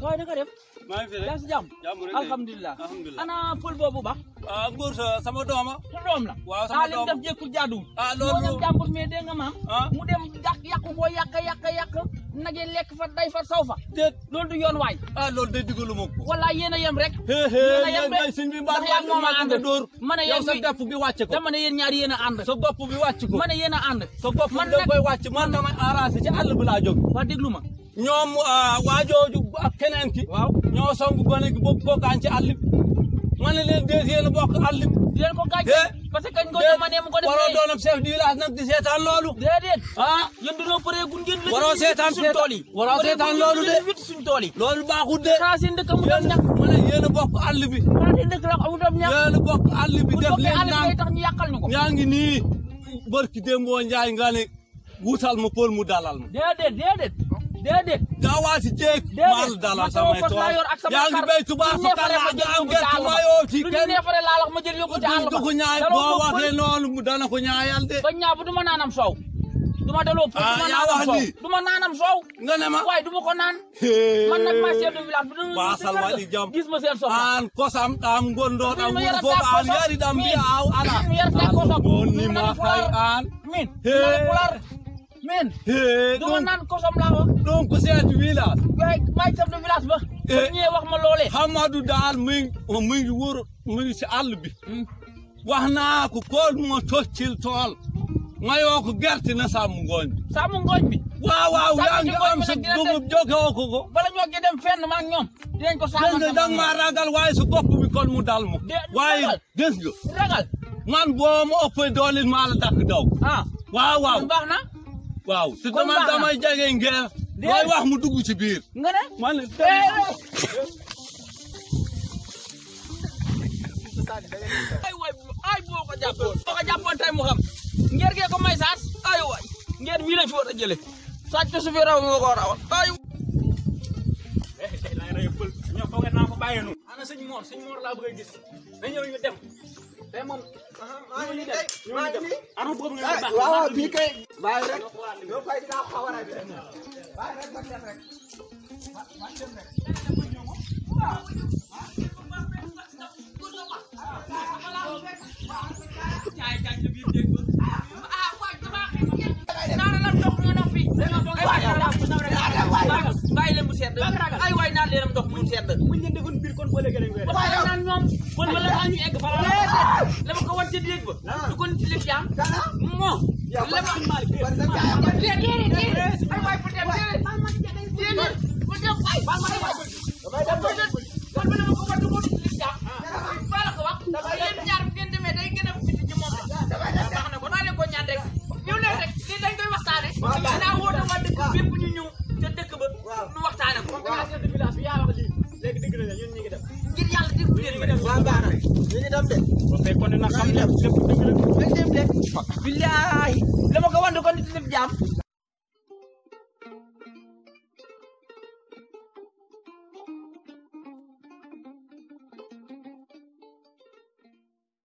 sooy naka def. maa ngi fi rek yaa ngi si jàmm. jàmm rek alhamdulilah alhamdulilah. ana pël boobu baax. ah Ngor sama dooma sa doom la. waaw sama doom ah li mu def jékkul jaaduwul. ah loolu moo dem jàmbur mais dégg nga maam. Ah. mu dem yàq yàqu boo yàq yàq yàq nage lekk fa day fa saw fa. déet loolu du yoon waay. ah loolu day digalu ma ko. wala yéen a yem rek. yéen a yem rek ndax yaa ngi moom a ànd. ma ne yéen sa bopp bi wàcc ko. dama ne ñaar yéen a ànd. sa bopp bi wàcc ko. ma ne yéen a ànd. sa bopp bi da koy wàcc man damay arrangé ci àll bi laa jóg. waa ma ñoom ah, waajooju ak keneen ki. waaw gone gi boobu kookaan ci àll leen déet yéen a bokk àll bi. yéen ko gaañ parce que kañ ko ñoom ma ne nag di seetaan loolu. déedéet. ah yéen dañoo paree gun ngeen. waroo seetaan tool yi waroo seetaan loolu de. suñ tool yi de. saa seen dëkk amul am a bokk àll bi. bokk àll def leen naan tax ñu yàqal barki démboo Njaay nga ne wutal ma mu dalal ma. déedéet daawaati jéeg maal dalal samay tool ngi béy tubaab fa tàllaa nga am gerte mayoo ci kenn ma jël ñaay boo waxee noonu dana ko ñaayal de ba ñaaw bu duma naanam soow duma daloo pour duma ah, naanam soow naanam soow nga ne ma waaye duma ko naan man nag maa chef de village bu baasal wali jam gis ma seen soxla an kosam am gondoo am wur foofu an yari dam bi aw ala mi ni ma fay an min men. Eh, dama naan kosam laa wax. donc c'est eh, Hamadu daal mu ngi oh, mu ngi mu si àll bi. Hmm. wax naa ko kool moo toccil tool. nga yoo ko gerte na saamu ngooñ bi. saamu ngooñ bi. waaw waaw yaa ngi am sa dugub joge woo ko ko. bala ñoo dem fenn maa ngi ñoom. dinañ ko maa ragal waaye su bopp bi mu dal ma. waaye gis nga. ragal man boo ma ëppee dooleel maa daw. ah waaw waaw si dama damay jege ngeer. looy wax mu dugg ci biir. nga ne man ay waay ay boo ko jàppoon boo ko jàppoon tey mu xam ngeer gee ko may saas ay waay ngeer mii la fi war a jële sàcc su fi raw ay eh, eh, ana a gis na tey eh, moom. maa ngi nii tey maa ngi nii. arme boobu nga eh, def baax waaw waaw bii kay. bàyyi rek yow kay dinaa ko xaw a rek. bàyyi rek ma dem rek. ma ma dem rek. waaw. bàyyi leen mu sedd ay waay naan leen ndox mu sedd buñ leen defoon biir kon ba léegi dañ koy def naan ñoom kon wala ñu egg fa ci déeg ba. du ko nit li am. moom. yaa ngi ko am maa ngi leen di. ñun ñu ngi dem. ngir yàlla déglu leen ma dem waaw baax ñu ngi dem de. kon kay kon nag xam lépp lépp dëgg la. dañ dem de. ko wan kon nit